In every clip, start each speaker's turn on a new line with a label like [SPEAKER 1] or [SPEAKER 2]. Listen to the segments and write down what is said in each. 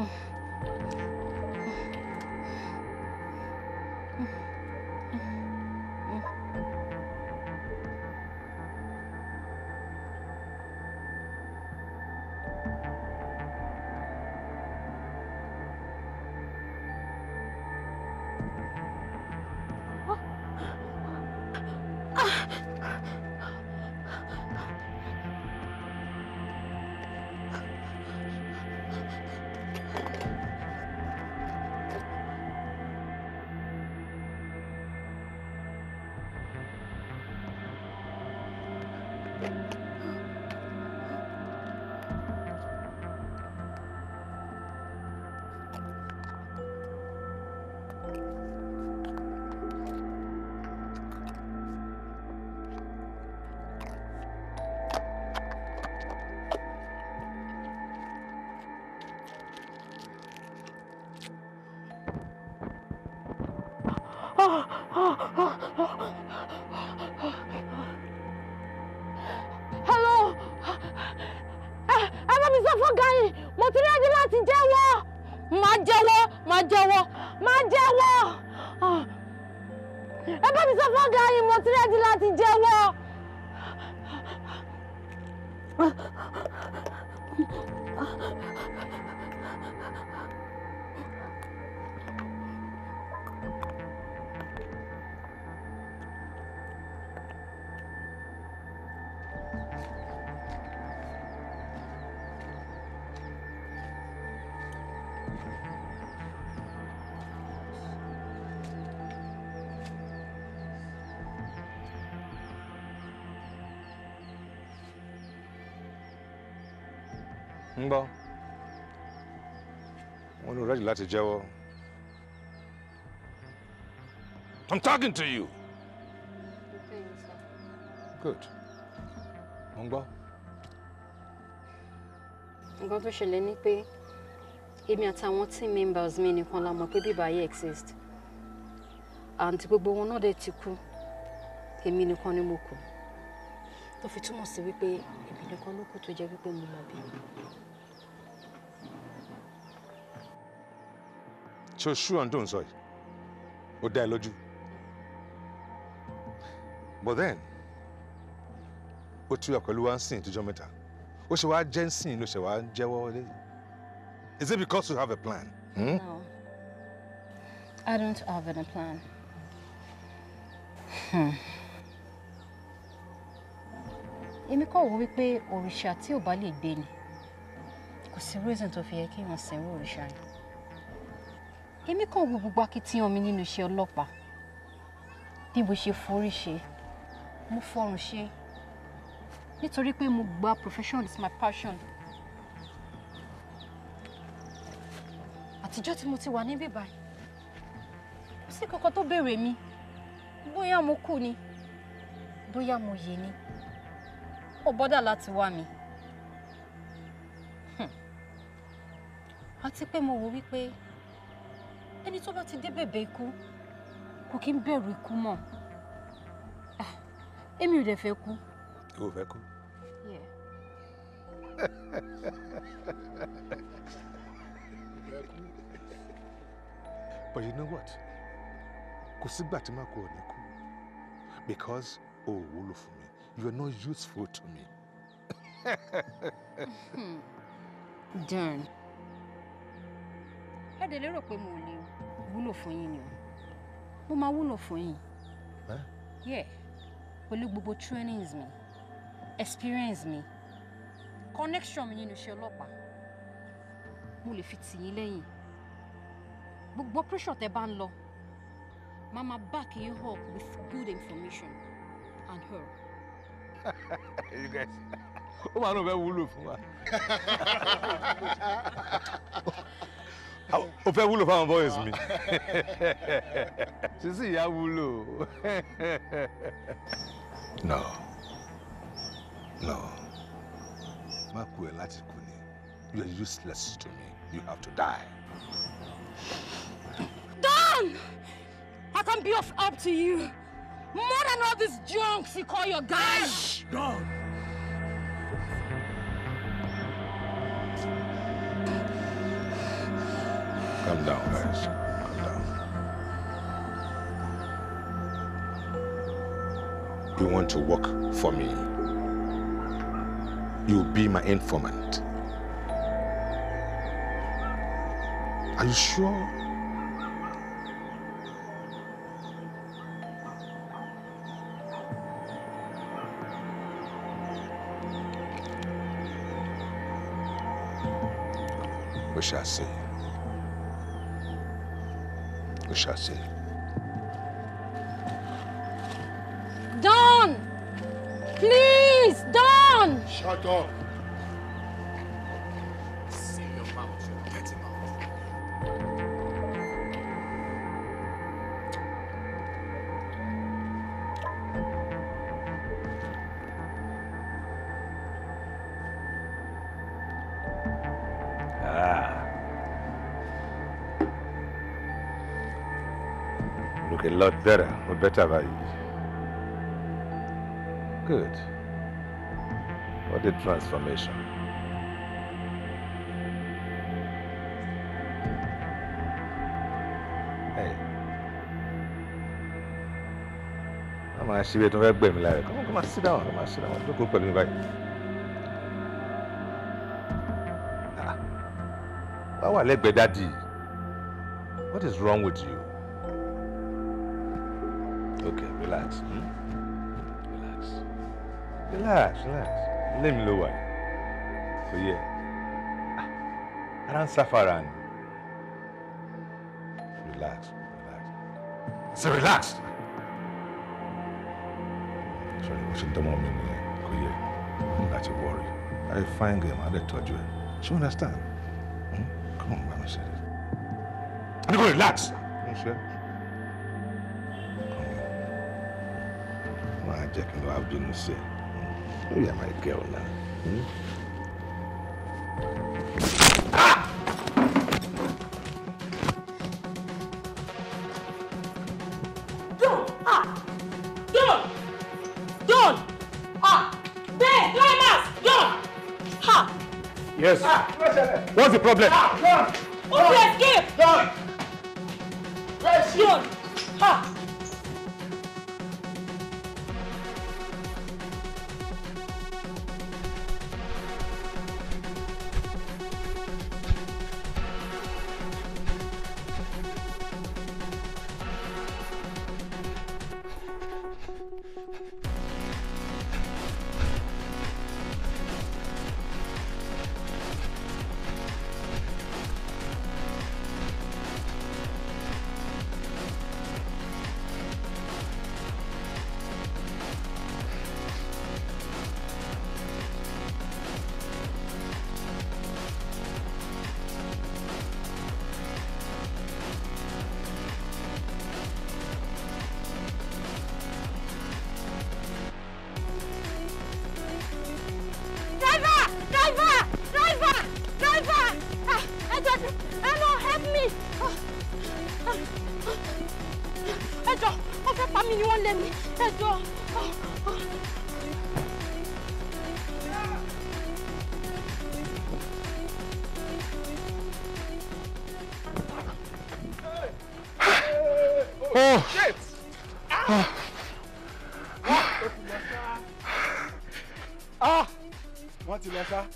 [SPEAKER 1] Oh.
[SPEAKER 2] oh, oh, oh.
[SPEAKER 3] láti jẹ́wọ́. I'm talking to you.
[SPEAKER 4] Good. Mo ń gbọ́.
[SPEAKER 1] Nǹkan tó ṣẹlẹ̀ ni pé èmi àtàwọn team members mi nìkan la mọ̀ pé bíbá yìí exist. Àǹtí gbogbo wọn náà dẹ̀ ti kú. Èmi nìkan ni mo kù. Tó fi túmọ̀ sí wípé èmi nìkan ló kù tó jẹ́ wípé mo mọ̀ bí.
[SPEAKER 3] Joshua tó ń sọ yìí ó dá ẹ lójú but then
[SPEAKER 4] ó túyọ̀ pẹ̀lú wá ń sìn ìtújọ́ mẹ́ta ó ṣe wá jẹ́ ń sìn ló ṣe wá jẹ́wọ́ lé
[SPEAKER 3] is it because you have a plan? Hmm?
[SPEAKER 1] No, I don't have any plan. Hmm. èmi kọ́ wò wípé òrìṣà tí ò bá lè gbé ni kò sí reason tó fi yẹ kí wọ́n sìn òrìṣà yìí èmi kàn wo gbogbo akitiyan mi nínú iṣẹ́ ọlọ́pàá bí mo ṣe forí ṣe mo fọrùn ṣe nítorí pé mo gba profession is my passion àtijọ́ tí mo ti wà níbí báyìí kò sí kankan tó béèrè mi bóyá mo kú ni bóyá mo yè ni ó bọ́dà láti wá mi. àti pé mo wò wípé ẹni tó bá ti dé bèbè ikú kò kí ń bẹ̀rù ikú mọ́ ah, èmi ò dẹ̀ fẹ́ kú.
[SPEAKER 4] o fẹ́ kú. But you know what? Kò sígbà tí màá kú ò kú because o ò wúlò fún mi
[SPEAKER 3] you are not useful to me. Hmm. Darn.
[SPEAKER 1] Ẹ dẹ̀ lérò pé mo ò lè wúlò fún yín ni o mo máa wúlò fún yín yeah pẹ̀lú gbogbo trainings mi experience mi connection mi nínú iṣẹ́ ọlọ́pàá mo lè fi tì yín lẹ́yìn gbogbo pressure tẹ́ bá ń lọ máa back you up with good information and her.
[SPEAKER 3] you guys ó máa ń lọ fẹ́ wúlò fún wa. o fẹ́ wúlò fáwọn boys mi sísì ìyá wúlò. no no má kú ẹ láti kú ni you are useless to me you have to die.
[SPEAKER 2] Don!
[SPEAKER 5] I can be of help to you more than all these junks you call your
[SPEAKER 2] guys. Don!
[SPEAKER 3] Calm down, guys. i down. You want to work for me. You'll be my informant.
[SPEAKER 4] Are you sure?
[SPEAKER 3] We shall see chasser.
[SPEAKER 1] Don! Please, Don! Shut up!
[SPEAKER 3] lot better. We're better báyìí. Good. What a transformation. Hey. Come on, she wait to help like. Come on, come on, sit down. Come on, sit down. Don't go pẹ̀lú mi Why Ah. Wá wà lẹ́gbẹ̀ẹ́ daddy. What is wrong with you? relax. Hmm? Relax. Relax, relax. Let me ló wà So yeah, ah, I don't suffer and Relax, relax. So relax? Sọ̀rọ̀ ìwọ̀n ṣe ń dánmọ́ So yeah, Kò yẹ. to worry. I find him. máa lè tọ́jú ẹ̀. Ṣé o understand? Hmm? Come on, bá mi ṣe. I need to relax. Mo ṣe. jẹ́ kí n wá bínú sí ẹ lórí àmà ìkẹ́ ọ̀la. Yes. Ah,
[SPEAKER 4] What's the problem? Ah, Don.
[SPEAKER 2] Don. Ah! What's the escape? Don. Don.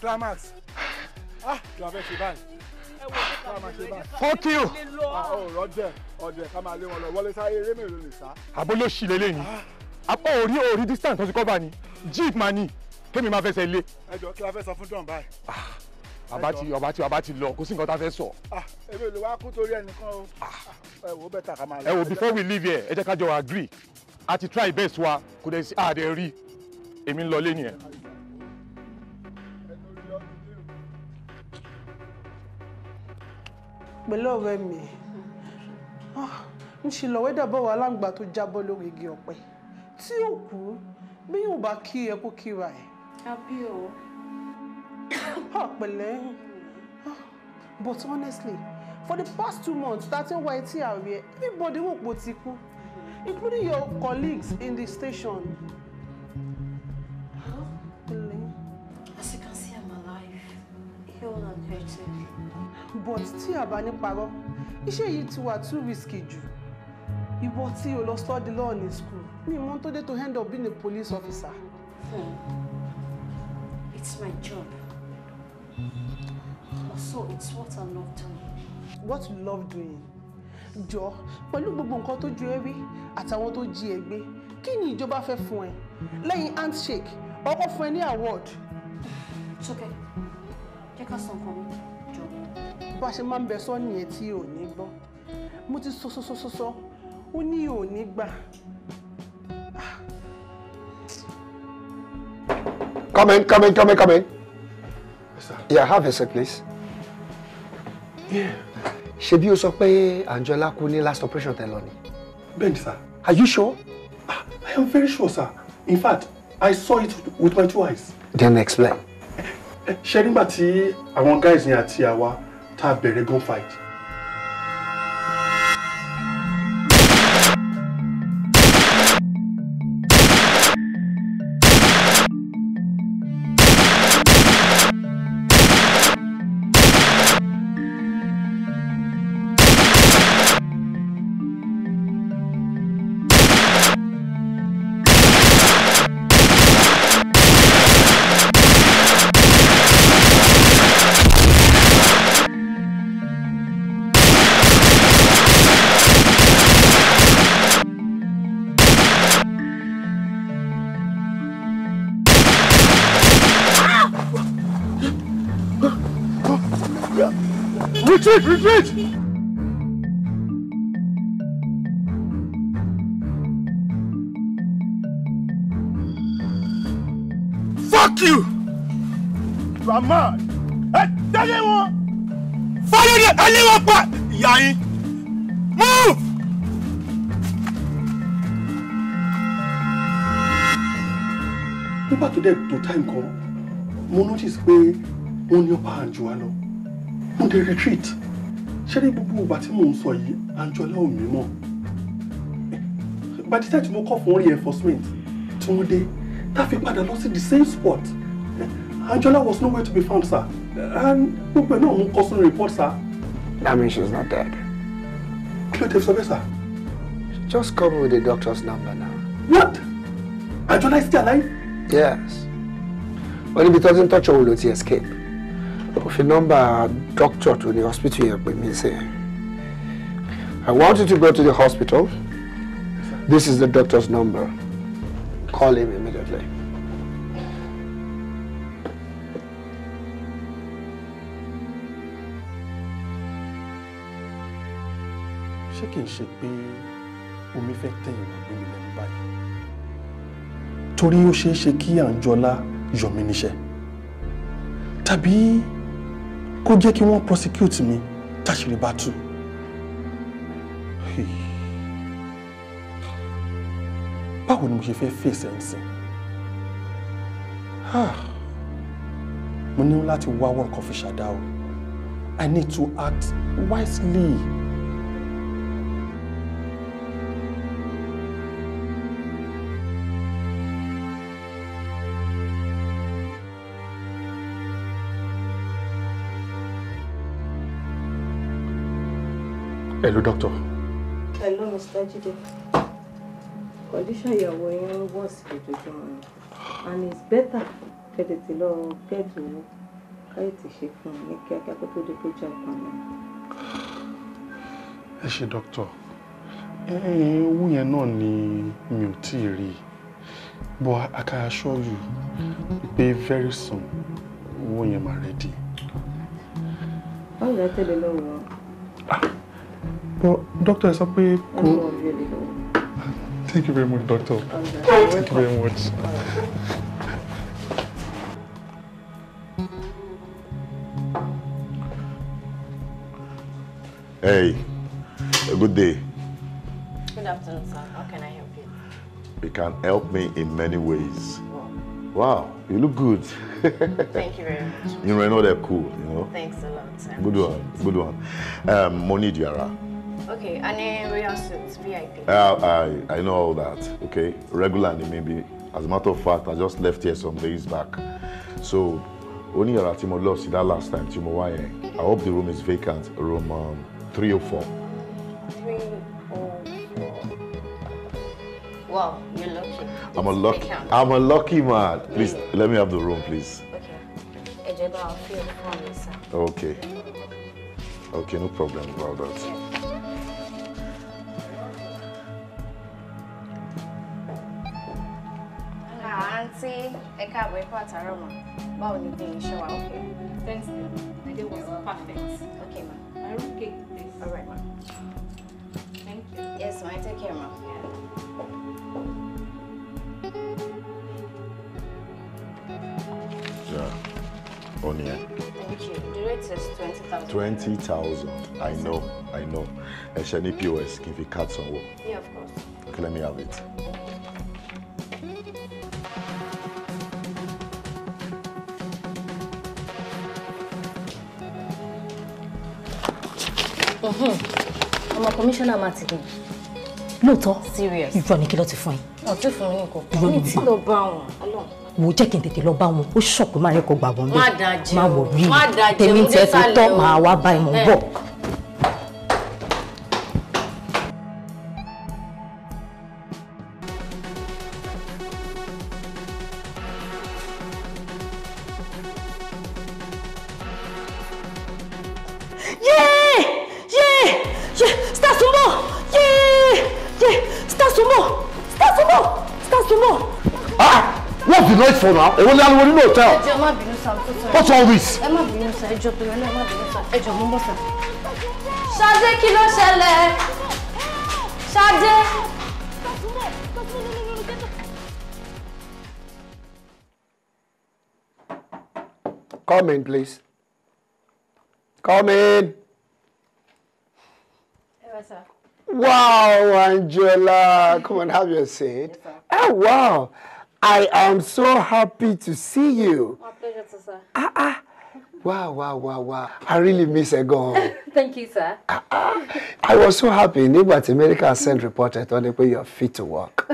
[SPEAKER 4] Climax. Ìjọba ah, ẹ ṣe báyìí. Fuck you! Ọ̀rọ̀ jẹ́ ọ̀jẹ̀ ká máa lé wọn lọ wọlé sáré eré mèrè lè sá. Àbóló ṣì lélẹ̀ ni. Apá òrí òrí distance tó ti kọ́ bá ni. Jeep máa ní. Kémi máa fẹsẹ̀ lé. Ẹ jọ kí la fẹ́ sọ fún John báyìí àbá ah, ti ọba ti ọba ti lọ kò sí nǹkan tá a fẹ́ sọ. Ah, èmi ló wá kú torí ẹnìkan o ẹ wò bẹ́ẹ̀ ta ká máa lọ. ẹ wò before we leave here ẹ jẹ́ ká jọ agree a ti try best wa kò dẹ̀ sí àdẹ̀ rí
[SPEAKER 2] èmi ń lọ lé nìyẹn. pẹ̀lú ọ̀rẹ́ mi ń ah, ṣe lọ́wọ́ dàbọ̀ wà láǹgbà tó jábọ́ lórí igi ọ̀pẹ tí ó kú bí yóò bá kí ẹ kó kíra ẹ. àbí o. Ah, pẹ̀lẹ́ ah, but honestly for the past two months starting wa etí everybody wò pò ti kú including your colleagues in the station.
[SPEAKER 1] As you can see, I'm alive,
[SPEAKER 2] healed and hurting but tí a bá ní parọ́ iṣẹ́ yìí ti wà too risky jù ìwọ tí o lọ study law ní school mi mọ tó dé to end up being a police officer. Hmm. It's my job. Also, it's what I love doing. What you love doing? jọ pẹ̀lú gbogbo nǹkan tó ju ewé àtàwọn tó jí ẹ gbé kí ni ìjọba fẹ́ fún ẹ lẹ́yìn handshake ọkọ̀ fún ẹ ní award. It's okay. jẹ́ ká sàn fún mi bá ṣe máa ń bẹ sọ nìyẹn tí ò ní gbọ́ mo ti sọ sọ sọ sọ ó ní ò ní gbà.
[SPEAKER 6] Come in, come in, come in, come in. Yes, Yeah, have a seat, please. Yeah. Ṣebí o sọ pé Anjola kú ní last operation tẹ́ lọ ni?
[SPEAKER 4] Bẹ́ẹ̀ni, sir. Are you sure? Ah, I am very sure, sir. In fact, I saw it with my two eyes. Then explain. Ṣé nígbà tí àwọn guys yẹn àti àwa have better go fight. dẹ̀ tó time kan mo notice pé wọ́n ní upper hand jù mo dẹ̀ retreat ṣé ní gbogbo ìgbà tí mò ń sọ yìí Anjola ò mí mọ́ by tí mo kọ́ fún reinforcement tí wọ́n dé tá fi padà lọ sí the same spot Anjola was nowhere to be found sir and gbogbo ẹ̀ náà mo kọ́ sínú report sir. that means she's not dead. kí ló dé sọ bẹ́ẹ̀ sir.
[SPEAKER 6] just call me with the doctor's number now. what? Anjola is still alive? yes wọ́n níbi tó ti ń tọ́jú òun ló ti escape ó fi nọ́mbà doctor tó ní hospital yẹn pè mí sí i want you to go to the hospital this is the doctor's number call him immediately.
[SPEAKER 4] ṣé kìí ṣe pé omi fẹ́ tẹ̀yìn lómi lẹ́nu torí ó ṣeé ṣe kí àǹjọlá yọ mí níṣẹ́ tàbí kó jẹ́ kí wọ́n prosecute mi táṣìírí bá tú. báwo ni mo ṣe fẹ́ fèsì ẹ̀ ń sìn ah. mo ní láti wá wọ́n kan ṣàdá o I need to act wisely. hello doctor.
[SPEAKER 5] hello mr jide condition ìyàwó yín ń wọ̀ sí and it's better kẹ́tẹ̀tẹ̀ lọ gẹ́ẹ̀tì owó káyé get ṣe fún un ní kíákíá kó tó di kó jẹ́ ọ̀kan mi.
[SPEAKER 4] ẹ ṣe doctor We are not ni mi ò but I can assure you pé very soon owó yẹn máa ready.
[SPEAKER 5] báwo la tẹ̀lé lọ́wọ́. Ah!
[SPEAKER 4] but doctor sọ pé kò. thank you very much doctor
[SPEAKER 3] thank you very much. hey good day.
[SPEAKER 7] good afternoon sir how can I help you.
[SPEAKER 3] you can help me in many ways. Wow, you look good. Thank you very much. You know, I know they're cool, you know. Thanks a lot. Sir. Good one, good one. Um, Moni Diara,
[SPEAKER 7] Okay, and then royal suits, VIP.
[SPEAKER 3] Uh, I, I know all that, okay? Regularly, maybe. As a matter of fact, I just left here some days back. So, only yàrá tí mo lọ sí that last time tí mo I hope the room is vacant. Room um, 304. four. Wow, you're lucky. I'm a lucky, I'm a lucky man. Please, really? let me have the room, please. Okay. Okay, no problem about that.
[SPEAKER 7] àǹtí ẹ káàbọ̀ ẹ kó àtàrọ̀ mọ́ báwo ni bí iṣẹ́ wa okay? thanks dear my day was perfect. Okay ma. my room cake please. all right ma. thank you. yes ma take care ma.
[SPEAKER 3] Yeah. Yeah.
[SPEAKER 7] Thank you. The rate is 20,000.
[SPEAKER 3] 20,000. I know. I know. Ẹ ṣe ní POS kí n fi card Yeah, of course. Okay, let me have it.
[SPEAKER 7] ọmọ kọmíṣánná máa ti dùn. lóòótọ́ serious
[SPEAKER 1] ìjọ ni kí ló ti fún yín.
[SPEAKER 7] ọtí fún mi nìkan kò ní tí lọ bá wọn
[SPEAKER 1] wo jẹ́ kí n tètè lọ bá wọn ó ṣọ̀pẹ́ máa yẹ kó gbàgbọ́n bẹ́ẹ̀
[SPEAKER 7] má wọ̀ rí tèmi tẹ́ fi tọ́
[SPEAKER 1] máa wá bá ẹ̀ mọ́ bọ̀.
[SPEAKER 2] náà èwo ni ariwo nínú hòtẹ́ẹ̀lì.
[SPEAKER 7] ẹjọ má bínú sá tó sọ. what's all this. bínú sá ẹjọ tó rẹ náà má bọ́ sá. ṣadé kí ló ṣẹlẹ̀ ṣadé.
[SPEAKER 6] Come in, please. Come in. Yes, Wow, Angela. Come and have your seat. Yes, Oh, wow. I am so happy to see you.
[SPEAKER 1] My pleasure, sir. Ah, ah.
[SPEAKER 6] Wow, wow, wow, wow. I really miss her gone.
[SPEAKER 1] Thank you, sir. Ah,
[SPEAKER 6] ah. I was so happy. Nígbà America sent Center reported tó ní pé you're fit to work.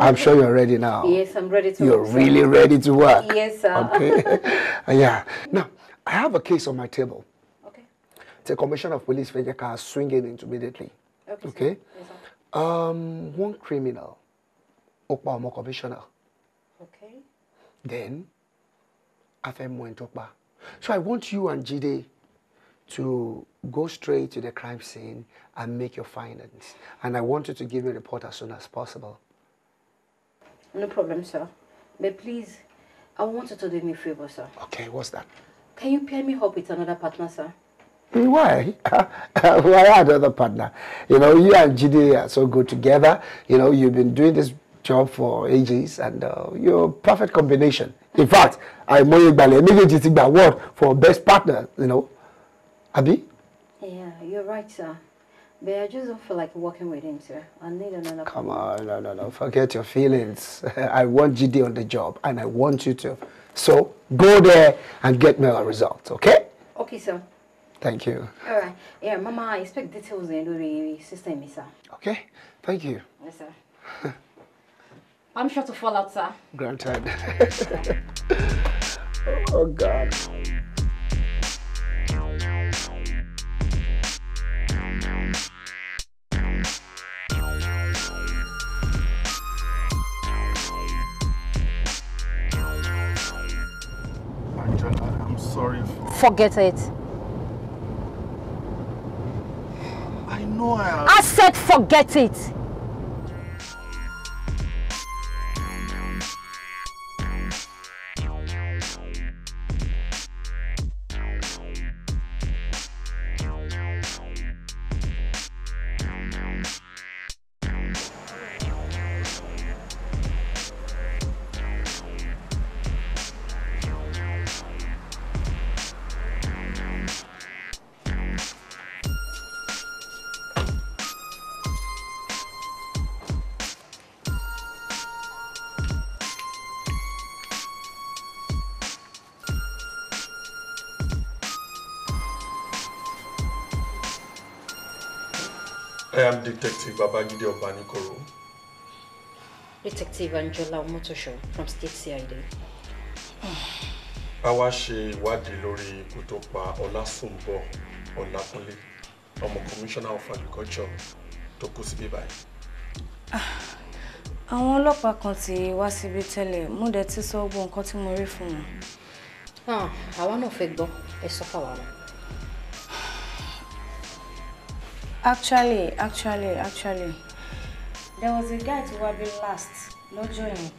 [SPEAKER 6] I'm sure you're ready now.
[SPEAKER 1] Yes, I'm ready to you're work. You're really sir. ready to work. Yes, sir. Okay.
[SPEAKER 6] yeah. Now, I have a case on my table. Okay. The Commission of Police fẹ́ jẹ́ ká swing it in immediately. Okay. okay? Sir. Yes, sir. Um, one criminal, ó pa ọmọ commissioner. then a fẹ́ mọ ẹni tó so i want you and Jide to go straight to the crime scene and make your findings and i want you to give me a report as soon as possible.
[SPEAKER 1] no problem sir but please i want you to do me a favour sir. okay what's that. can you pair me up with another partner sir.
[SPEAKER 6] Why? Why another partner? You know, you and Jide are so good together. You know, you've been doing this job for ages and uh, perfect combination. In fact, àìmọye ìgbàlẹ̀ méjèèjì ti the award for best partner, you know. Abby.
[SPEAKER 1] Yeah, you're right, sir. But I just don't feel like working with him, sir. I need another. Come
[SPEAKER 6] on, no, no, no. Forget your feelings. I want GD on the job and I want you to. So go there and get me a result, okay? Okay, sir. Thank you.
[SPEAKER 1] All right. Yeah, Mama, I expect details in the system, sir.
[SPEAKER 6] Okay. Thank you.
[SPEAKER 1] Yes, sir. I'm sure to fall out, sir.
[SPEAKER 6] Granted. oh, God.
[SPEAKER 1] forget it. I know I... I said forget it.
[SPEAKER 4] am Detective Babajide Obanikoro.
[SPEAKER 1] Detective Angela Omotosho from State CID.
[SPEAKER 4] A wá ṣe ìwádìí lórí ikú tó pa Ọlásùnbọ̀ Ọlákúnlé, ọmọ Commissioner of Agriculture tó kú síbí báyìí. Ah,
[SPEAKER 7] àwọn ọlọ́pàá kan ti wá síbi tẹ́lẹ̀, mo dẹ̀ ti sọ gbogbo nǹkan tí mo rí fún wọn. Ah, àwa náà fẹ́ gbọ́, ẹ sọ fáwa actually actually actually there was a guy tó wá been last not joining,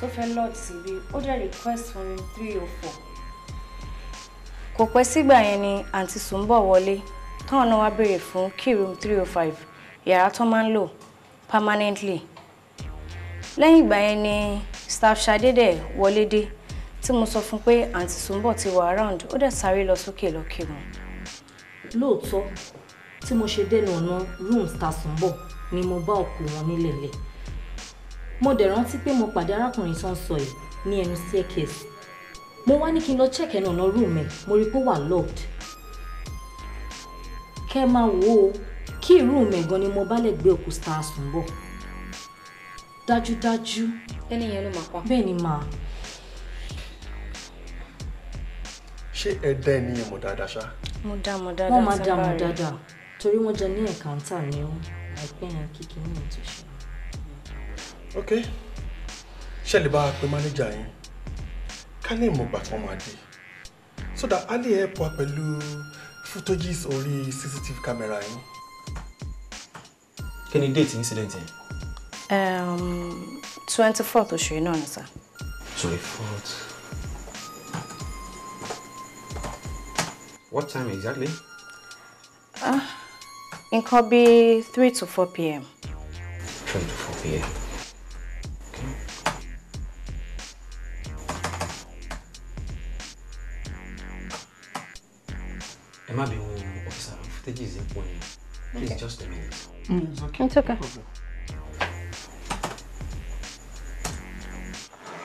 [SPEAKER 7] so for lọ́ọ̀dì síbi ó dẹ̀ request for him three or oh four. kò pẹ́ sígbà yẹn ni àǹtí sùnbọ̀ wọlé táwọn náà wá béèrè fún key room three oh five yàrá tó permanently lẹ́yìn ìgbà yẹn ni staff ṣadédè wọlé dé tí mo sọ fún pé àǹtí sùnbọ̀ ti wà around ó dẹ̀ sáré lọ sókè lọ kírun. lóòótọ́
[SPEAKER 1] tí mo ṣe dẹ́nu ọ̀nà rooms ta sùn bọ̀ ni mo bá òkú wọn nílẹ̀ lẹ̀ mo dẹ̀ rántí pé mo pàdé arákùnrin tó ń sọ yìí ní ẹnu staircase mo wá ní kí n lọ check ẹnu ọ̀nà room ẹ̀ mo rí pé ó wà locked kẹ́ máa wò ó kí room ẹ̀ gan ni mo bá lẹ̀ gbé òkú ta sùn bọ̀ dájúdájú ẹni yẹn ló máa pa bẹ́ẹ̀ ni màá.
[SPEAKER 4] ṣé ẹ dá ẹni yẹn mọ̀ dáadáa ṣá.
[SPEAKER 7] mo dá mọ̀ dáadáa sábà rẹ̀ wọ́n máa dá mọ̀ dáadáa
[SPEAKER 5] torí wọ́n jẹ ní ẹ̀káńtà ni ó àìpẹ́ yẹn kíkiri ní ìtúṣe.
[SPEAKER 4] ok ṣe lè bá a pe mánéjà yẹn ká ní ìmọ̀gbà tí máa dé so that a lè help wa pẹ̀lú footages orí cctv camera yẹn. kí ni déètì
[SPEAKER 2] incident yẹn.
[SPEAKER 7] twenty fourth oṣù yìí náà ni sá.
[SPEAKER 2] twenty fourth. What time exactly?
[SPEAKER 7] Ah. Uh nǹkan bíi three to four pm. three to four pm. Okay.
[SPEAKER 5] ẹ má bínú ọ̀fíìsà fútéjì is important please just a minute. Mm. It's okay.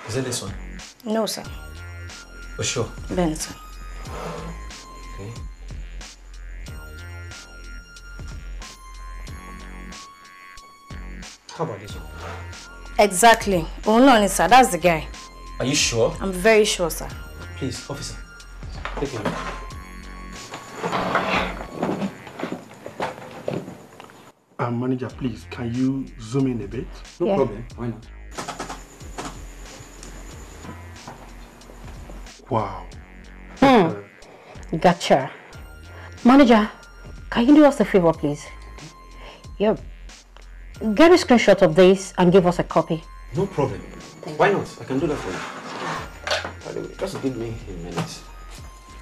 [SPEAKER 4] Is it this one? No, sir. For oh, sure?
[SPEAKER 7] Ben, sir. Okay. How about this one? Exactly. Oh no, sir. That's the guy. Are you sure? I'm very sure, sir.
[SPEAKER 4] Please, officer. Take a look. Um, manager, please, can you zoom in a bit? No yeah. problem. Why not? Wow.
[SPEAKER 1] Hmm. Gotcha. Manager, can you do us a favor, please? You're Get a screenshot of this and give us a copy.
[SPEAKER 4] No problem. Thank Why you. not? I can do that for you. By the
[SPEAKER 2] way, just give me a minute.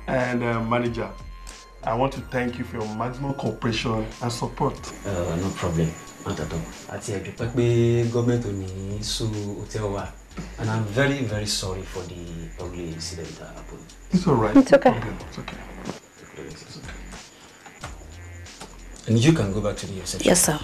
[SPEAKER 4] And uh, manager, I want to thank you for your maximum cooperation and support. Uh, no problem. Not at all. I ẹ̀dùpẹ́ pé gọ́ọ̀mẹ̀ntì ò ní sú hòtẹ́ẹ̀lì And I'm very, very sorry
[SPEAKER 3] for the ugly incident that happened. It's all right. It's okay. It's okay. It's okay. And you can go back to the reception. Yes, sir.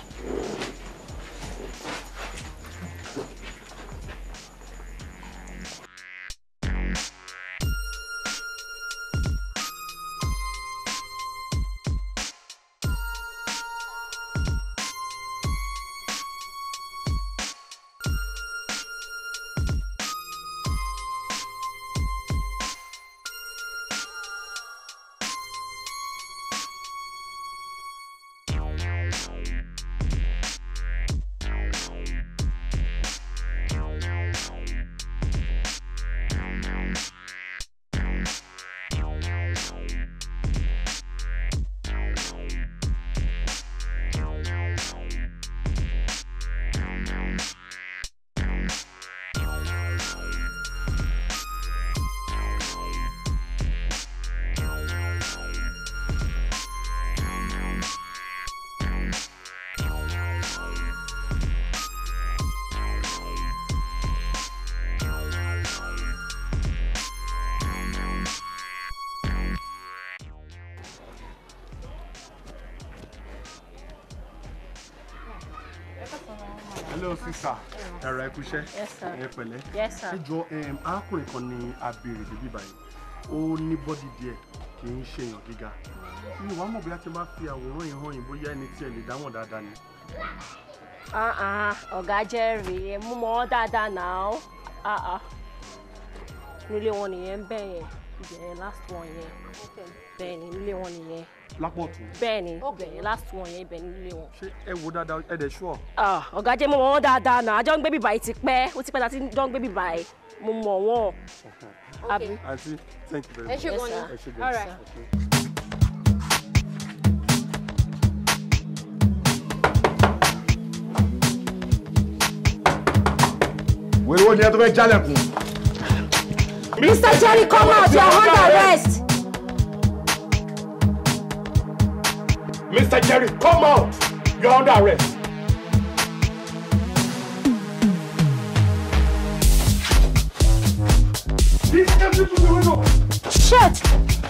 [SPEAKER 4] sísà ẹ̀rọ ẹ̀kúṣẹ́ ẹ̀pẹ̀lẹ́ ẹ̀jọ̀ arákùnrin kan ní abèrè bíbí báyìí ó ní bọ́dì díẹ̀ kì í ṣe èèyàn gíga mi wàá mọ̀ bí a ti máa fi àwòrán yìí hàn yín bóyá ẹni tí ẹ lè dámọ̀ dáadáa ni.
[SPEAKER 1] ọ̀gá jẹ́rìí mú mọ́ dáadáa náà nílé wọn nìyẹn ń bẹ̀yẹn ibẹ̀yẹn last one yẹn bẹ́ẹ̀ ni nílé wọn nìyẹn. lápọ̀tù. bẹ́ẹ̀ ni ibẹ̀yẹn last one yẹn ibẹ̀ ni nílé wọn. ṣé
[SPEAKER 4] ẹ wo dáadáa ẹ dẹ̀ ṣúọ̀.
[SPEAKER 1] ọ̀gá jẹ́ mo mọ̀ wọ́n dáadáa náà àjọ ń gbé bíbá yìí ti pẹ́ ó ti pẹ́ láti jọ ń gbé bíbá yìí mo mọ̀ wọ́n. àbí àǹtí thank you very much. ẹ ṣe gan ni ẹ ṣe gan ni.
[SPEAKER 4] wèrè wo ni ẹ tó fẹ́ jálẹ̀kùn.
[SPEAKER 1] Mr. Jerry, come out. You are under arrest.
[SPEAKER 4] Mr. Jerry, come out. You are under arrest.
[SPEAKER 2] Shut!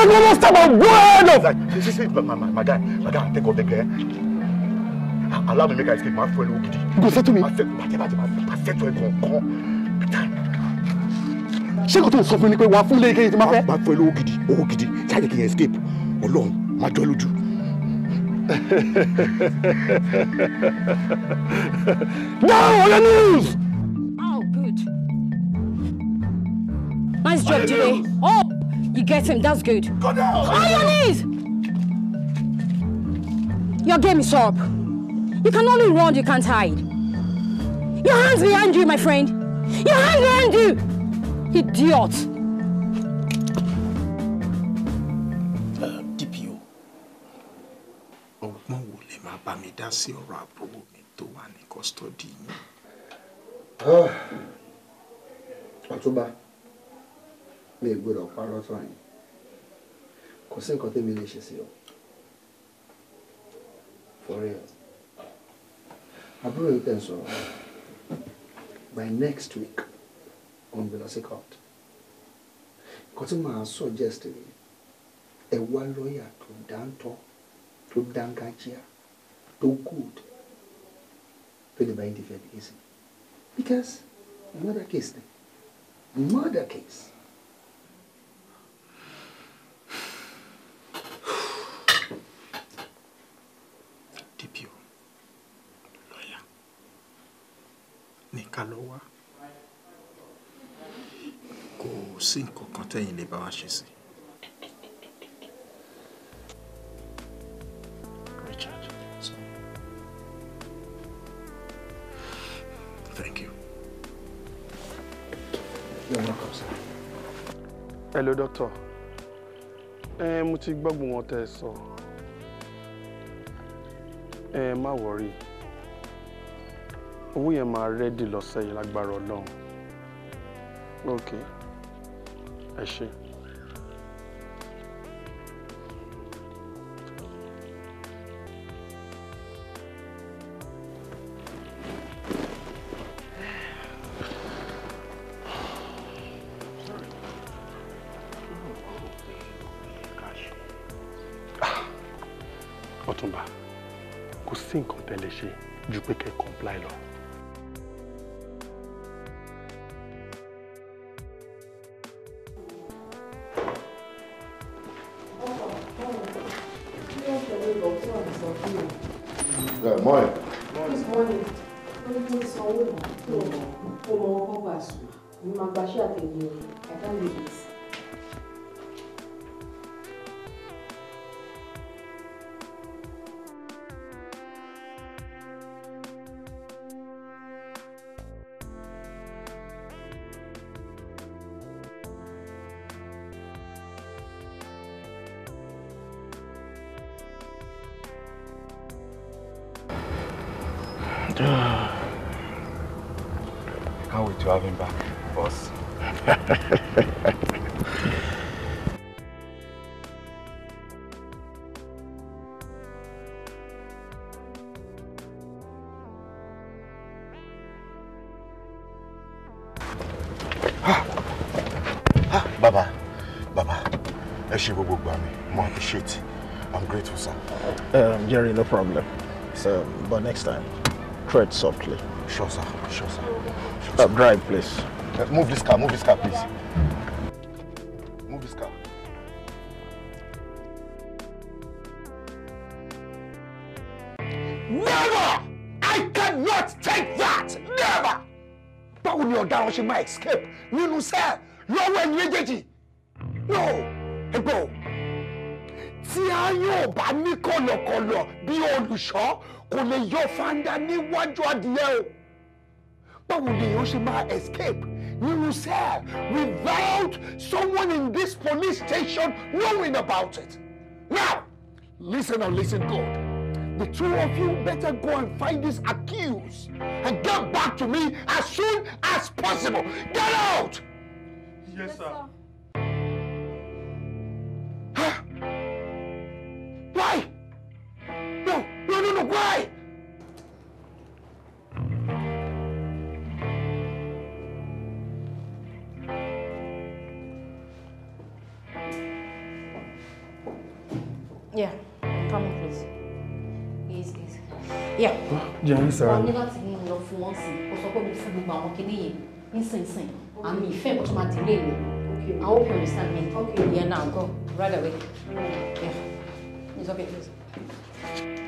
[SPEAKER 2] Take one more step and
[SPEAKER 4] word of. See, see, my, my, my guy, my guy, take off the girl. Allow me make her escape. My friend Ogidi. Go say to me. My Má settle ẹ̀ kọ̀ọ̀kan. Ṣé kò tó sọ fún mi pé wàá fún léyìn kéyìn tí máa fẹ́? Máa fún ẹ lówó gidi, owó gidi, ṣáàjì kì í escape. Ọlọ́run, máa jọ lójú.
[SPEAKER 2] Now on the news! Oh, good. Nice job, Jire.
[SPEAKER 1] Oh! You get him, that's good. Go down! On your knees! Your game is up. You can only run, you can't hide. Your hands behind you, my friend! Your hands behind you! Idiot!
[SPEAKER 4] Uh, DPO, ọgbọ́n wo lè máa bá mi dá sí ọ̀rọ̀ àbúrò mi tó wà ní kọ́sítọ́dì yín? Ah,
[SPEAKER 6] Ọ̀túnba. Oh mi ò gbọdọ̀ parọ́ tán yìí kò sí nǹkan tẹ́mi lè ṣe sí o for real àbúrò yìí tẹ̀ by next week òun bí lọ sí court nǹkan tí màá suggest ni ẹ wá lọ́ọ̀yà tó dáńtọ́ tó dángájíà tó good tó lè bá yín defend case because murder case ni murder case.
[SPEAKER 4] ní ká lọ wá kò sí nǹkan kan tẹ́yìn lè bá wa ṣe sí. Richard, thank you. Ẹ mo ti gbọ́gbọ́n wọn tẹ́ ẹ sọ. Ẹ má wọrí owó yẹn máa rẹ́dì lọ́sẹ̀ yìí lágbára ọlọ́run ok ẹ ṣé.
[SPEAKER 3] Baba, Baba, ẹ ṣe gbogbo
[SPEAKER 4] i'm grateful sir. Um, Jerry no problem so, but next time
[SPEAKER 3] tread softly. sure sir sure sir. Sure, sir. Uh, drive please. Uh, move this car move this car please.
[SPEAKER 4] Move this car. Never!
[SPEAKER 6] I cannot take that! Never! Báwo your ọ̀daràn she might escape? nínú sẹ́ẹ̀ lọ́wọ́ ẹ̀yin méjèèjì no ẹgbẹ́ o tí a yóò bá ní kọ̀lọ̀kọ̀lọ̀ bí olùṣọ́ kò lè yọ fanda níwájú adìyẹ o báwo ni èèyàn ṣe máa escape nínú sẹ́ẹ̀ without someone in this police station knowing about it now listen and listen God. The two of you better go and find this
[SPEAKER 4] accused and get back to me as soon as possible. Get out! Yes, sir. Yes, sir. jẹun sọ̀rọ̀. wọn ní
[SPEAKER 1] láti mú un lọ fún wọn sí kó sọ pé mo fún gbogbo àwọn kinní yẹn nísinsìn àmì ìfẹ́ ìkọ́tún máa délé mi I hope you understand me. Okay. Yeah, now go right away. Yeah, it's okay. Please.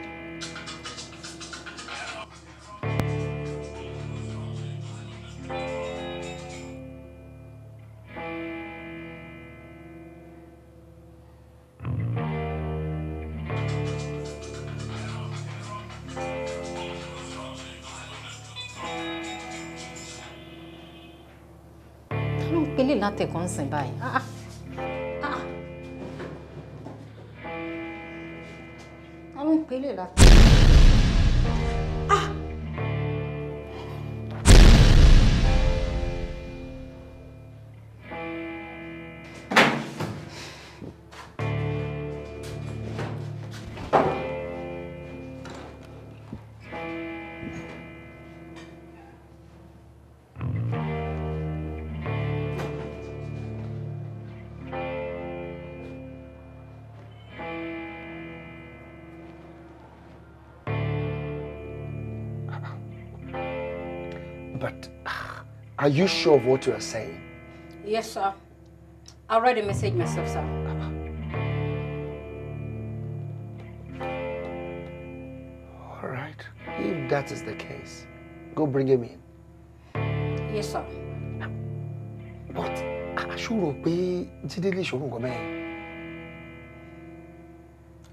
[SPEAKER 1] pélé látẹ̀kọ́ ń sìn báyìí. àwọn pélé látẹ̀kọ́.
[SPEAKER 6] Are you sure of what you are saying?
[SPEAKER 1] Yes, sir. I the message myself, sir.
[SPEAKER 6] All right. If that is the case, go bring him in. Yes, sir. But I should obey Jidele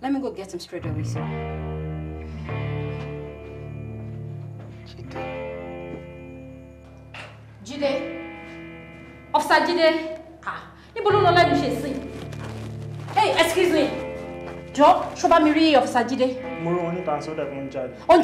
[SPEAKER 1] Let me go get him straight away, sir. Babájídé níbo ló lọ lẹ́nu ṣe sí hey excuse me jọ ṣọba mi rí ọfíìsà Jídé. mo rán wọn níta sódà kí wọn jáde. ó ń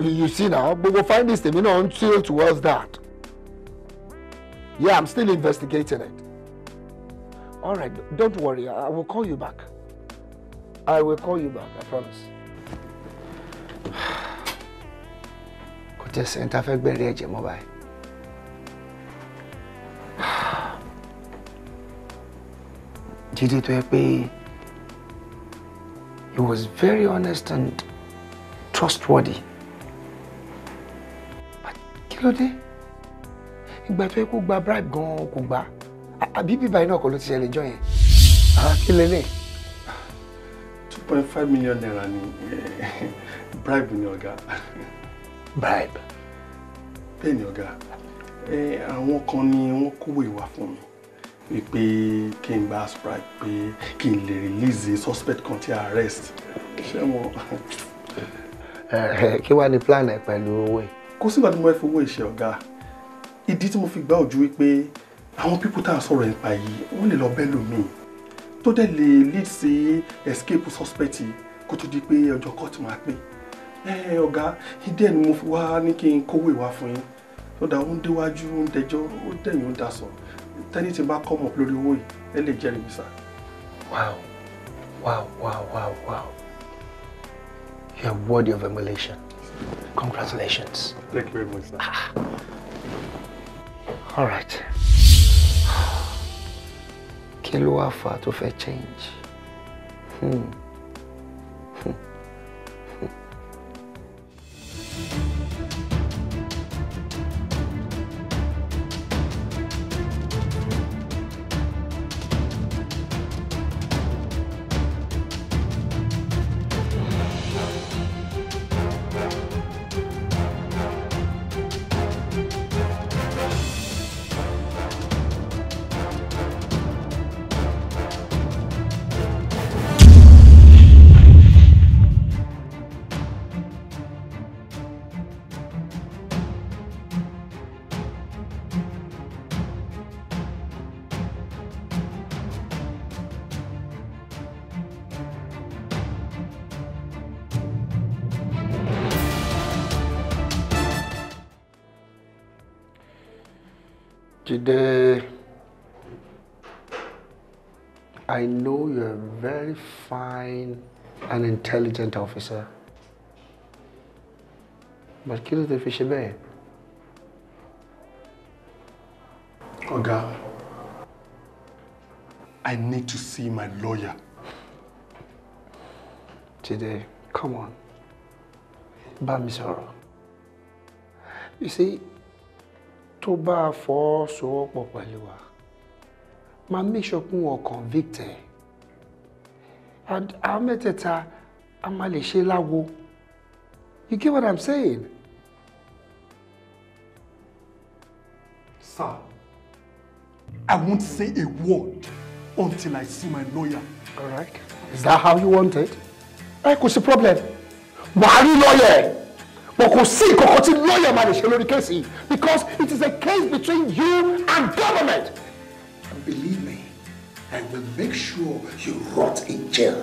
[SPEAKER 6] you see now gbogbo findings tèmi You know, until towards that yeah i'm still investigating it all right don't worry i will call you back i will call you back i promise. kò tẹ sẹ́ńtà fẹ́ gbẹ̀rẹ̀ ẹ̀jẹ̀ mọ́ báyìí. jíde tó yẹ he was very honest and trustworthy kí ló dé ìgbà tó yẹ kó gba bribe gan kò gbà àbí bíbá iná ọkọ ló ti ṣẹlẹ̀ jọ yẹn ah, kí lélẹ̀.
[SPEAKER 4] two point five million naira ni eh, bribe ni ọ̀gá. bribe. bẹ́ẹ̀ ni ọ̀gá àwọn kan ni wọ́n kówó ìwà fún mi wípé kí n gba sprite pé kí n lè release suspect kan tí arrest ṣé wọn.
[SPEAKER 6] Eh, eh, kí wàá ní plan ẹ pẹ̀lú owó yìí
[SPEAKER 4] kò sígbà tí mo fẹ́ fowó ìṣe ọ̀gá ìdí tí mo fi gbá ojú wípé àwọn pípọ̀ tá à sọ̀rọ̀ nípa yìí wọ́n lè lọ bẹ́ẹ̀ lómìn tó dẹ̀ lè lead sí escape suspect kó tó di pé ọjọ́ court máa pé ẹ ọ̀gá ìdí ẹ̀ ni mo wá ní kí n kówó ìwà fún yín tó dáa ń déwájú ń dẹjọ́ ó dẹ̀yìn ó ń dasọ̀ tẹ́ni tí bá come up lórí owó yìí ẹ lè jẹ́rìí mi sá. wow wow wow wow wow
[SPEAKER 6] a word of emulation.
[SPEAKER 4] Congratulations. Thank
[SPEAKER 7] you very much, sir.
[SPEAKER 6] All right. Kill ló wá fà tó change? Hmm. Today, I know you're a very fine and intelligent officer. But kill the ti fi ṣe bẹ́ẹ̀?
[SPEAKER 4] I need to see my lawyer. today. come on. Bá
[SPEAKER 6] You see, tó bá fọwọ́sowọ́pọ̀ pẹ̀lú wa máa make sure pé wọn convict ẹ̀ àwọn mẹ́tẹ̀ẹ̀ta a máa lè ṣe láwo you get what i'm saying.
[SPEAKER 4] sir i won't say a word until i see my lawyer. all right is that how you want it. ẹ eh, kò sí problem wàá lawyer but kò sí ìkọ̀kọ̀ tí lọ́ọ̀yà
[SPEAKER 6] máa lè ṣe lórí kéèsì yìí because it is a case between you and government. and believe me I will make sure you rot in jail.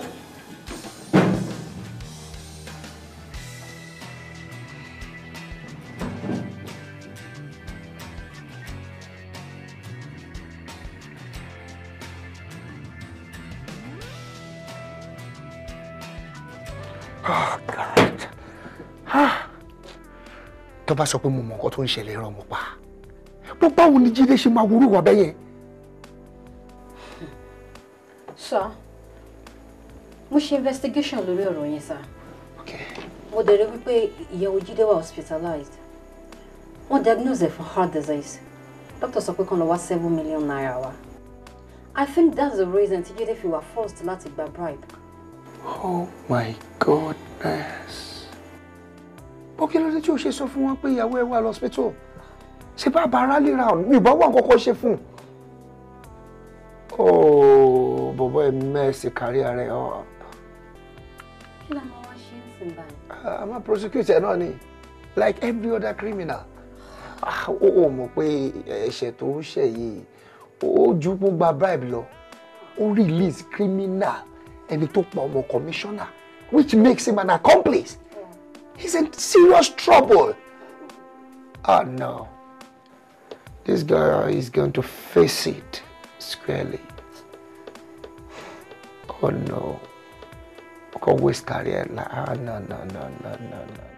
[SPEAKER 6] Ah. tó bá sọ pé mo mọ nǹkan tó ń ṣẹlẹ̀ rán mo pa bó báwo ni Jídé ṣe máa wúrú wà bẹ́yẹn.
[SPEAKER 1] sọ mo ṣe investigation lórí ọ̀rọ̀ yẹn sá mo dẹ̀ wípé ìyàwó Jídé wà hospitalized wọ́n diagnose ẹ̀ for heart disease doctor sọ pé kàn lọ wá seven million naira wa I think that's the reason tí Jídé fi wà forced láti gba bribe. Oh
[SPEAKER 6] my goodness
[SPEAKER 1] ó kí ló dé tí o ṣe sọ fún wọn pé ìyàwó
[SPEAKER 6] ẹ wà lọ́sítẹ́tò ṣé bá bàrà lè ra ọ̀nà ìbọn wà kọ́kọ́ ṣe fún un. ó oh, bọ̀bọ̀ ẹ mẹ́ẹ̀sì kárí ara ẹ̀ ọ́.
[SPEAKER 5] kí làwọn wá ṣe ń sìn báyìí.
[SPEAKER 6] àmọ́ ah, prosecutor náà ni like every other criminal ó ah, ò mọ̀ pé ẹ̀ṣẹ̀ tó ń ṣẹ̀ yìí ó ju gbogbo bribe lọ ó release criminal ẹni tó pa ọmọ commissioner which makes him an accomplice. He's in serious trouble. Oh no. This girl is ah, going to face it squarely. Oh no. Can't waste career. Like, ah, no, no, no, no, no, no.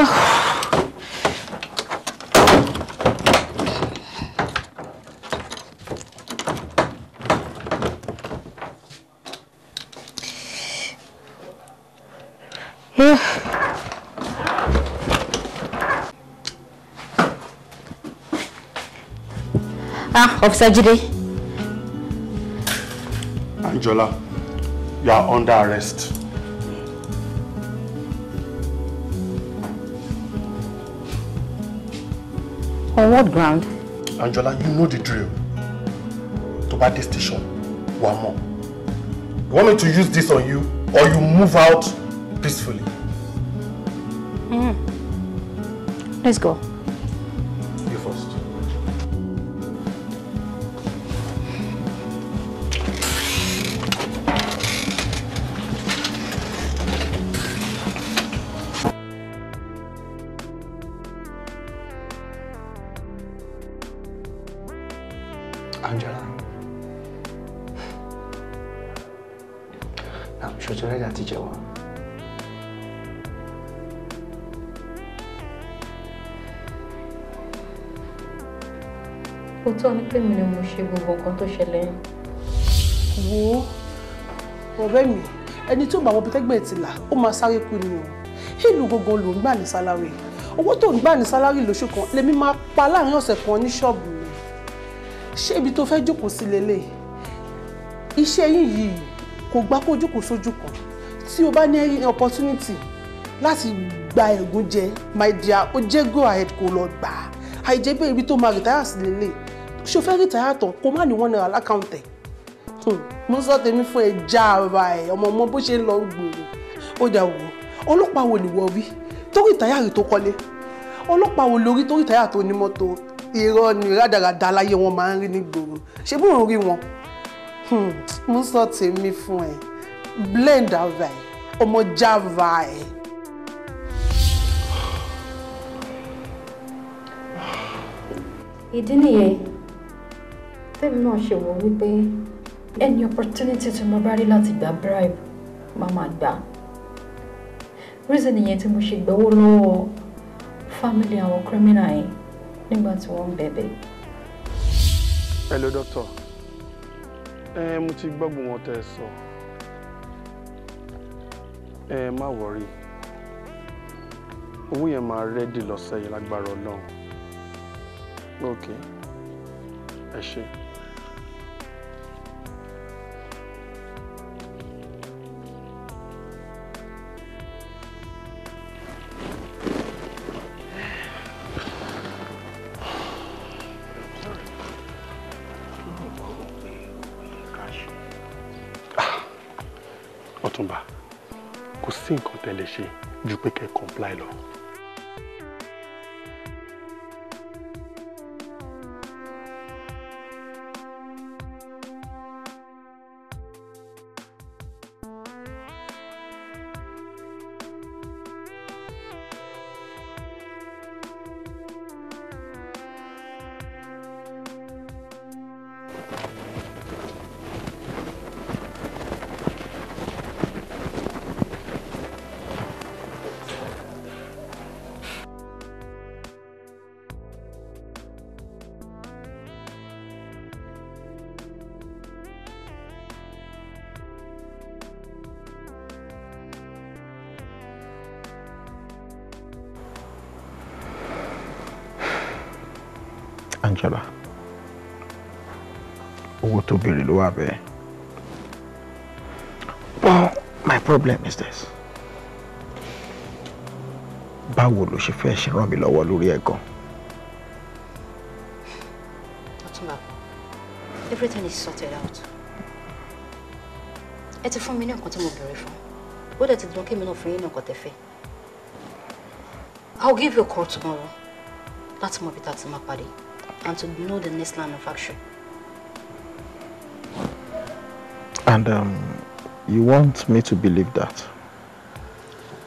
[SPEAKER 7] Bueno.
[SPEAKER 1] Ah, Officer Jide.
[SPEAKER 4] Angela, you are under arrest. On what ground? Angela, you know the drill. To buy this station, one more. You want me to use this on you, or you
[SPEAKER 1] move out peacefully? Mm. Let's go. ó tọ́ ní pé mi ni mo ṣe gbogbo
[SPEAKER 2] nǹkan tó ṣẹlẹ̀ wo ọ̀rẹ́ mi ẹni tó bá wọn bí tẹ́gbẹ̀ẹ́ ti là ó máa sáré kú ni o ìlú gbogbo ló ń gbà ní sálárì owó tó ń gbà ní sálárì lóṣù kan lèmi máa pa láàrin ọ̀sẹ̀ kan ní ṣọ́ọ̀bù mi ṣé ibi tó fẹ́ jókòó sí lélẹ̀ iṣẹ́ yín yìí kò gbá kó jókòó sójú kan tí o bá ní opportunity láti gba ẹ̀gún jẹ my dear o jẹ́ go ahead kó lọ gbà á àìjẹ́ pé ibi tó máa rìtáyà sí lélẹ̀ ṣo fẹ́ rìtáyà tán kó má ní one naira lákàǹtẹ̀ hmm, mo sọ tèmi fún ẹ já ara ẹ ọmọ ọmọ bó ṣe ń lọ gbòòrò ó dà wò ọlọ́pàá wo nìwọ rí torí ìtayà rẹ̀ tó kọ́lé ọlọ́pàá wo lórí torí ìtayà tó ní mọ́tò irọ́ ni rádaràda aláyé wọn máa ń rí nígboro ṣé bó ń rí wọn hmm, mo sọ tèmi fún ẹ blend ara ẹ ọmọ java ẹ. ìdí nìyẹn tèmi náà
[SPEAKER 1] ṣe wò wípé any opportunity tí mo bá rí láti gba bribe máa máa gbà reason nìyẹn tí mo ṣe gbowó lọ́wọ́ family àwọn criminal yẹn nígbà tí wọ́n ń bẹ̀bẹ̀.
[SPEAKER 4] hello doctor ẹ mo ti gbọ́gbọ́n wọn tẹ́ ẹ sọ ẹ má wọrí owó yẹn máa rẹ́dì lọ́sẹ̀ yìí lágbára ọlọ́run ok ẹ ṣe. Ọ̀túnba kò sí nǹkan tẹ́ lè ṣe ju pé kẹ́ comply lọ.
[SPEAKER 6] problem is this? báwo ló ṣe fẹ́ ṣe ràn mí lọ́wọ́ lórí
[SPEAKER 3] ẹ̀ gan.
[SPEAKER 2] Ọ̀túnba,
[SPEAKER 1] everything is sorted out. ẹ ti fún mi ní nǹkan tí mo béèrè fún ó dẹ̀ ti dùn kí mi náà fún yín nǹkan tẹ́ fẹ́. I'll give you a call tomorrow láti mọ ibi tá a ti máa pàdé and to know the next line of action.
[SPEAKER 4] And um, You want me to believe that?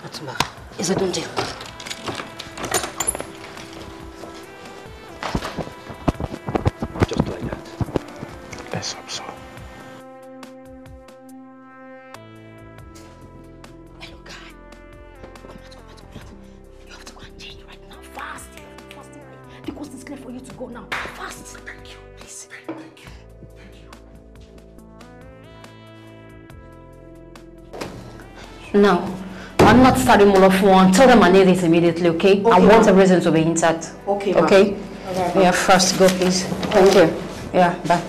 [SPEAKER 1] Atuma, it's a done deal. I'm not starting one. Tell them I need this immediately, okay? okay I want the reason to be intact. Okay, Okay? yeah, first go, please. Thank you. Yeah, bye.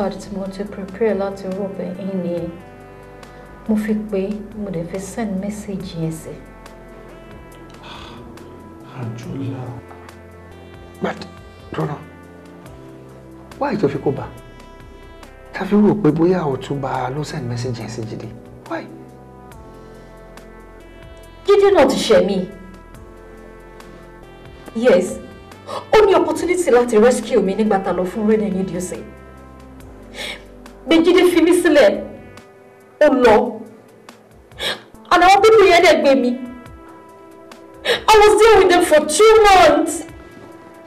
[SPEAKER 1] card tí mo ti prepare láti rọ́ọ̀bù yín ni mo fi pé mo dẹ̀ fi send message yẹn sí.
[SPEAKER 6] àjọlá but rọra why tó fi kó bá ta fi rò pé bóyá ọ̀túnba ló send message yẹn sí Jídé
[SPEAKER 1] why. Jídé náà ti ṣẹ̀ mí yes ó ní opportunity láti rescue mi nígbà tá a lọ fún rain and Bèjídé fi mí sílẹ̀
[SPEAKER 7] ó lọ and àwọn pípọ̀ yẹn dẹ̀ gbé mi I was there with them for two months.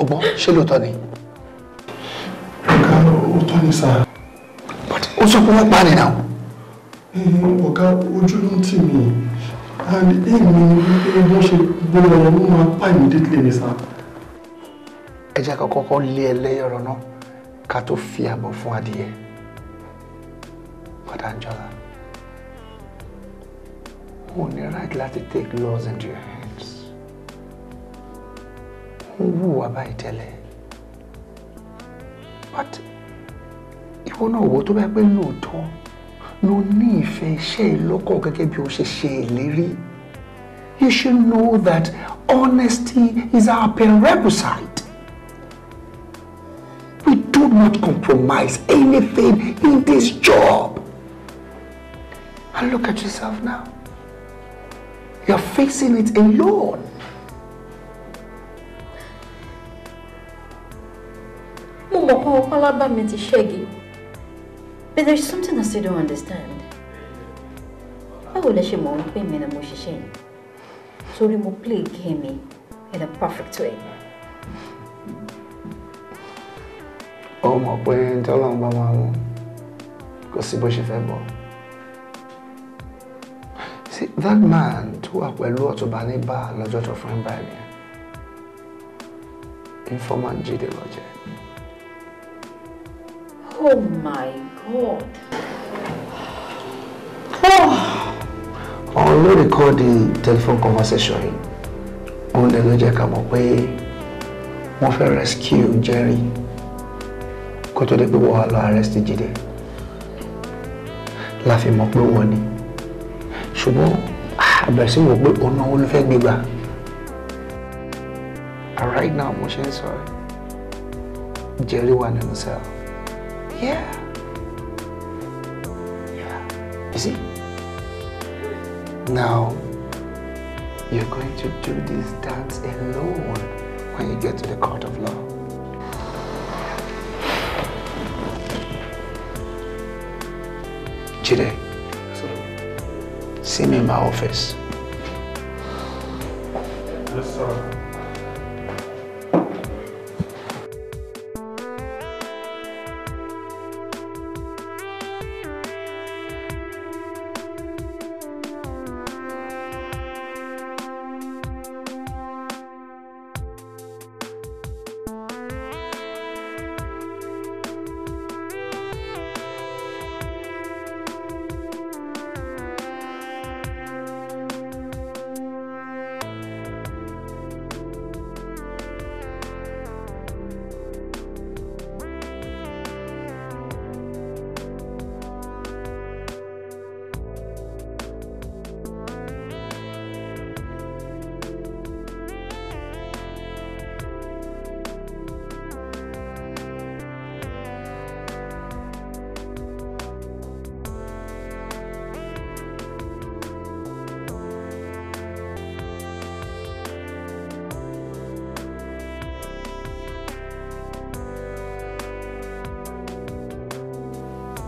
[SPEAKER 6] ọgbọ́n ṣé lóòótọ́ ni.
[SPEAKER 4] ọ̀gá òótọ́ ni sáà.
[SPEAKER 7] but ó sọ pé wọ́n pa ni náà.
[SPEAKER 4] Mm-hmm. ọ̀gá ojú ló ń tì mí and èmi ni wọ́n ṣe gbọ́dọ̀ wọ́n máa pa immediately ni sáà. ẹ jẹ́ àkọ́kọ́
[SPEAKER 6] lé ẹlẹ́yọ̀rọ̀ náà ká tó fi àbọ̀ fún adìyẹ. But Angela, o ní right láti take laws into your hands. who wù wá báyìí tẹ́lẹ̀. But ìwọ náà wò tó bá pẹ́ lóòótọ́ ló ní ìfẹ́ iṣẹ́ ìlọ́kọ̀ gẹ́gẹ́ bí o ṣe ṣe You should know that honesty is our prerequisite. We do not compromise anything in this job. And look at yourself now. You're facing it
[SPEAKER 2] alone. Mo mọ̀
[SPEAKER 1] pé Ọpálábá mi ti But there's something I still don't understand. I lẹ ṣe mọ̀ wípé mi ni mo ṣiṣẹ́ yìí? Torí play game in a perfect way.
[SPEAKER 6] Oh, my pé Tọ́lá ń bá máa mú kò sí bó ṣe see that man tó wà pẹ̀lú ọ̀túnba ní bá lọ́jọ́ tó fún ẹgbà ẹ̀mí informant Jídé ló jẹ́.
[SPEAKER 1] oh my god. Oh.
[SPEAKER 6] ọ̀hún ló rìkọ́ọ̀dì telephone conversation yìí òun lè ló jẹ́ ká mọ̀ pé wọ́n fẹ́ rescue Jerry kó tó dé pé wọ́n wá lọ arrest Jídé la fi mọ̀ pé wọ́n ni ṣùgbọ́n àbẹ̀rẹ̀ sí wò pé ọ̀nà wo ló fẹ́ gbé gbà right now mo ṣe ń sọ Jerry wà nínú cell yeah yeah you see now you're going to do this dance alone when you get to the court of law. Jide. See me in my office.
[SPEAKER 4] Yes, sir.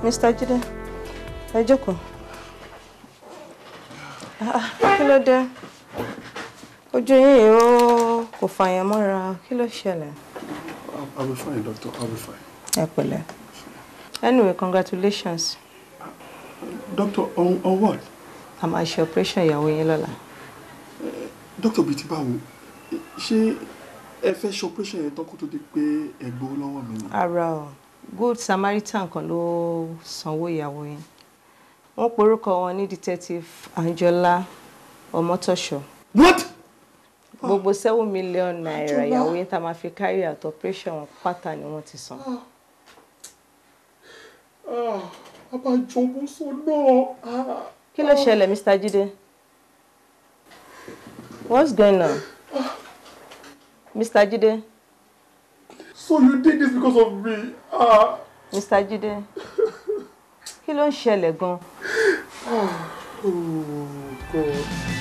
[SPEAKER 5] Mr. Jide ẹ jókòó ah, ah, kí ló dé ojú yín ó kò fàyàn mọ́ra kí ló ṣẹlẹ̀. I'll be fine,
[SPEAKER 4] doctor. I'll be fine.
[SPEAKER 5] Ẹ pẹ̀lẹ́. Anyway, congratulations. doctor, on, on what? A máa ṣe operation ìyàwó yín lọ́la.
[SPEAKER 4] Eh, doctor Bìtì báwo, ṣé ẹ fẹ́ ṣe operation yẹn tán kó tó di pé ẹ gbowó
[SPEAKER 5] lọ́wọ́ mi ni? Ara o good samaritan kan ló sanwó ìyàwó yẹn wọ́n porúkọ wọn ní detective Anjola Ọmọtọ́ṣọ. what. gbogbo seven million naira ìyàwó yẹn tá a máa fi carry out operation pátá ni wọ́n ti san.
[SPEAKER 2] Ah, ah, kí ló
[SPEAKER 5] ṣẹlẹ̀ Mr. Jide what's going on ah. Mr. Jide. So you did this because of me. Ah. Mr. Jide, kí ló ń ṣẹlẹ̀ gan Oh, God.